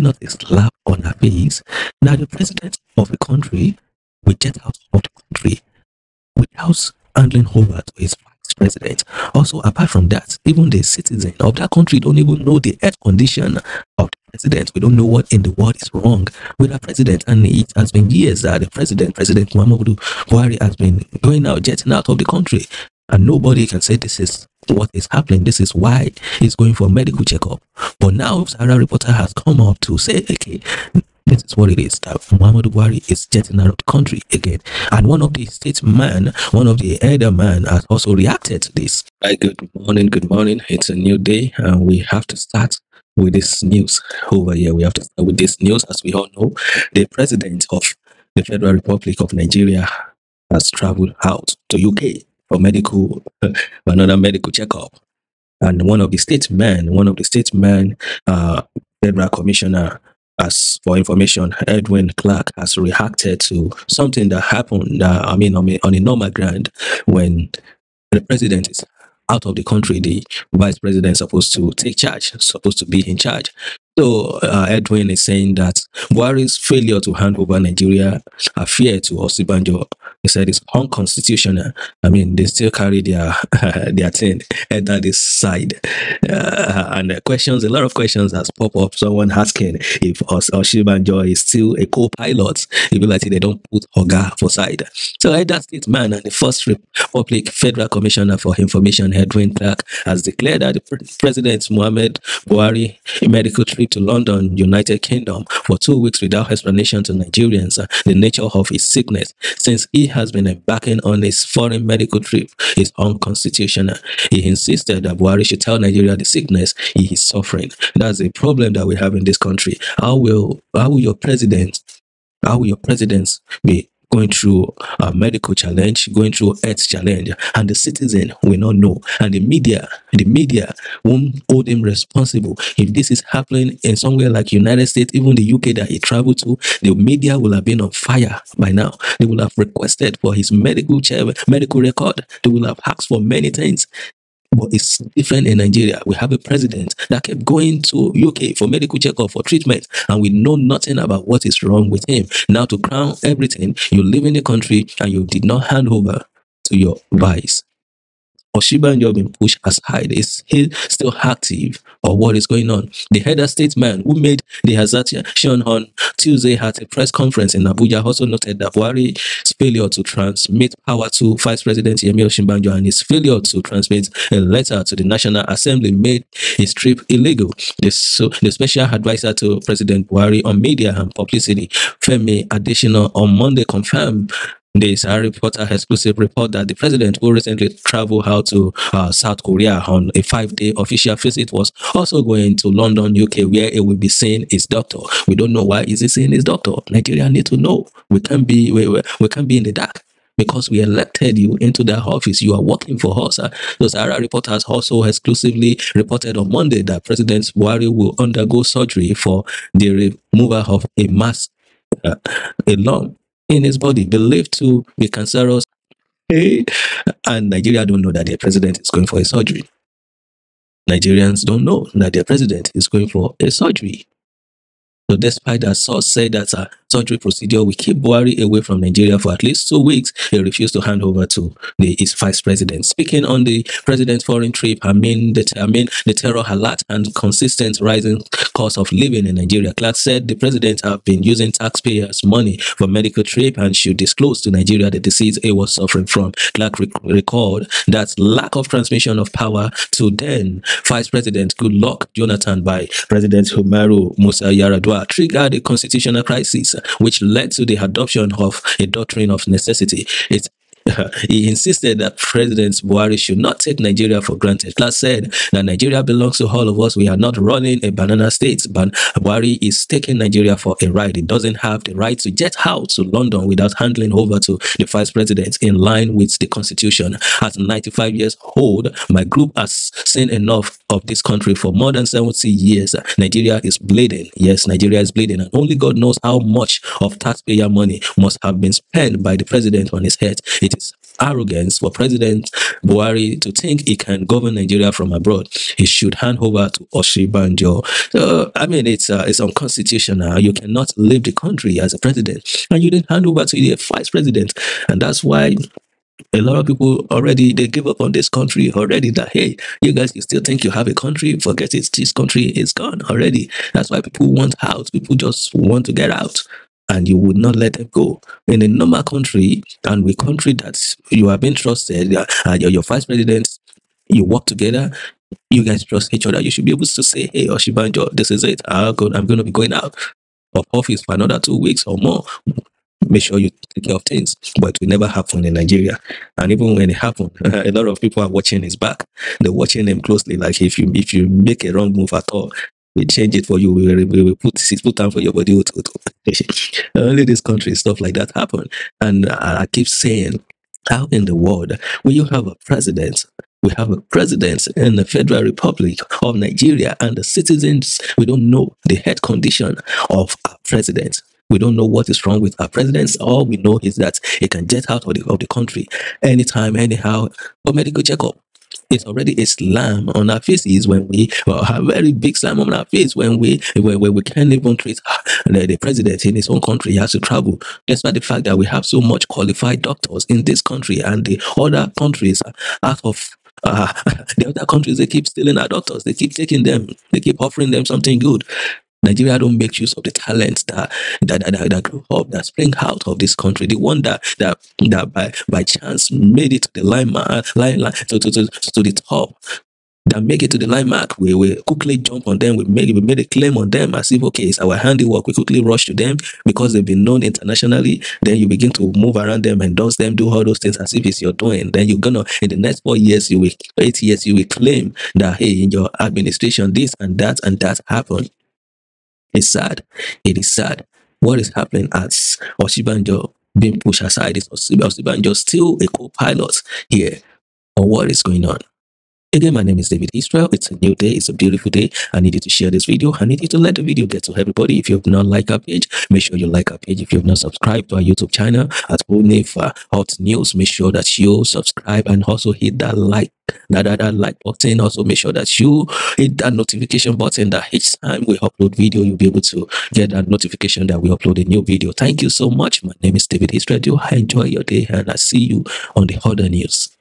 Not not slap on her face. Now, the president of a country with jet out of the country without house over to his vice president. Also, apart from that, even the citizen of that country don't even know the health condition of the president. We don't know what in the world is wrong with our president. And it has been years that the president, President Muhammadu Buhari, has been going out, jetting out of the country and nobody can say this is what is happening. This is why he's going for medical checkup. But now Sarah reporter has come up to say, okay, this is what it is that Muhammadu Buhari is jetting out of the country again. And one of the statesmen, one of the elder men has also reacted to this. Hi, good morning, good morning. It's a new day and we have to start with this news over here. We have to start with this news. As we all know, the president of the Federal Republic of Nigeria has traveled out to UK for medical, another medical checkup. And one of the statesmen, one of the statesmen, uh, federal commissioner, as for information, Edwin Clark has reacted to something that happened, uh, I mean, on on a normal ground when the president is out of the country, the vice president is supposed to take charge, supposed to be in charge. So uh, Edwin is saying that Buhari's failure to hand over Nigeria affair to Osibanjo, he said, is unconstitutional. I mean, they still carry their their thing at this side, uh, and questions, a lot of questions has pop up. Someone asking if Os Osibanjo is still a co-pilot, if like they don't put Oga for side. So Edda State man and the first Republic Federal Commissioner for Information, Edwin Clark, has declared that the President Mohammed Buhari medical treatment to London, United Kingdom, for two weeks without explanation to Nigerians uh, the nature of his sickness, since he has been embarking on his foreign medical trip, is unconstitutional. Uh, he insisted that Buhari should tell Nigeria the sickness he is suffering. That's a problem that we have in this country. How will how will your president how will your presidents be going through a medical challenge, going through health challenge, and the citizen will not know. And the media, the media won't hold him responsible. If this is happening in somewhere like United States, even the UK that he traveled to, the media will have been on fire by now. They will have requested for his medical chair, medical record. They will have asked for many things. But it's different in Nigeria. We have a president that kept going to UK for medical checkup for treatment, and we know nothing about what is wrong with him. Now, to crown everything, you live in the country and you did not hand over to your vice Oshibanjo being pushed aside is he still active or what is going on? The head of state man who made the assertion on Tuesday at a press conference in Abuja also noted that Buhari's failure to transmit power to Vice President Yemi Oshibanjo and his failure to transmit a letter to the National Assembly made his trip illegal. The, so, the special advisor to President Buhari on media and publicity, Femi Adesina, on Monday confirmed this a reporter exclusive report that the president who recently traveled out to uh, South Korea on a five-day official visit was also going to London, UK, where he will be seeing his doctor. We don't know why is he seeing his doctor. Nigeria need to know. We can't be we, we, can't be in the dark because we elected you into that office. You are working for us. Uh, the Sahara Report has also exclusively reported on Monday that President Buhari will undergo surgery for the removal of a mass, uh, a lung in his body believed to be cancerous. and Nigeria don't know that their president is going for a surgery. Nigerians don't know that their president is going for a surgery. So despite that source said that uh, surgery procedure will keep Buhari away from Nigeria for at least two weeks. He refused to hand over to the, his vice president. Speaking on the president's foreign trip, I mean the, I mean the terror alert and consistent rising cost of living in Nigeria. Clark said the president have been using taxpayers' money for medical trip and should disclose to Nigeria the disease he was suffering from. Clark recalled that lack of transmission of power to then Vice President Goodluck Jonathan by President Humaru Musa Yaradua triggered a constitutional crisis which led to the adoption of a doctrine of necessity. It he insisted that President Buhari should not take Nigeria for granted. That said, that Nigeria belongs to all of us. We are not running a banana state, but Buhari is taking Nigeria for a ride. He doesn't have the right to jet out to London without handling over to the vice president in line with the constitution. At 95 years old, my group has seen enough of this country for more than 70 years. Nigeria is bleeding. Yes, Nigeria is bleeding. And only God knows how much of taxpayer money must have been spent by the president on his head. It arrogance for President Buhari to think he can govern Nigeria from abroad. He should hand over to Oshibanjo. So, I mean, it's uh, it's unconstitutional. You cannot leave the country as a president, and you didn't hand over to the vice president, and that's why a lot of people already they give up on this country already that hey you guys you still think you have a country forget it this country is gone already that's why people want out people just want to get out and you would not let them go. In a normal country, and we country that you have been trusted, uh, your, your vice president, you work together, you guys trust each other. You should be able to say, hey, Oshibanjo, this is it. I'm going to be going out of office for another two weeks or more. Make sure you take care of things. But it never never fun in Nigeria. And even when it happened, a lot of people are watching his back. They're watching him closely. Like if you if you make a wrong move at all, we change it for you. We, we, we put six put down for your body. Only this country stuff like that happen. And I, keep saying, how in the world will you have a president? We have a president in the Federal Republic of Nigeria, and the citizens we don't know the health condition of our president. We don't know what is wrong with our presidents. All we know is that he can jet out of the, of the country anytime, anyhow, for medical checkup is already a slam on our faces when we well, a very big slam on our face when we when, when we can't even treat the, the president in his own country he has to travel despite the fact that we have so much qualified doctors in this country and the other countries out of uh, the other countries they keep stealing our doctors they keep taking them they keep offering them something good Nigeria don't make use of the talents that that, that, that grew up, that spring out of this country. The one that that that by, by chance made it to the line, line, line to, to, to, to the top that make it to the line mark. We, we quickly jump on them. We make we made a claim on them as if okay, it's our handiwork. We quickly rush to them because they've been known internationally. Then you begin to move around them, and those them, do all those things as if it's your doing. Then you're gonna in the next four years, you will eight years, you will claim that hey, in your administration, this and that and that happened. It's sad. It is sad. What is happening as Oshibanjo being pushed aside is Oshibanjo still a co-pilot here? Or what is going on? again my name is David Israel it's a new day it's a beautiful day I need you to share this video I need you to let the video get to everybody if you have not liked our page make sure you like our page if you have not subscribed to our YouTube channel at Onefa Hot News make sure that you subscribe and also hit that like that, that, that like button also make sure that you hit that notification button that each time we upload video you'll be able to get that notification that we upload a new video thank you so much my name is David Israel I enjoy your day and I see you on the other news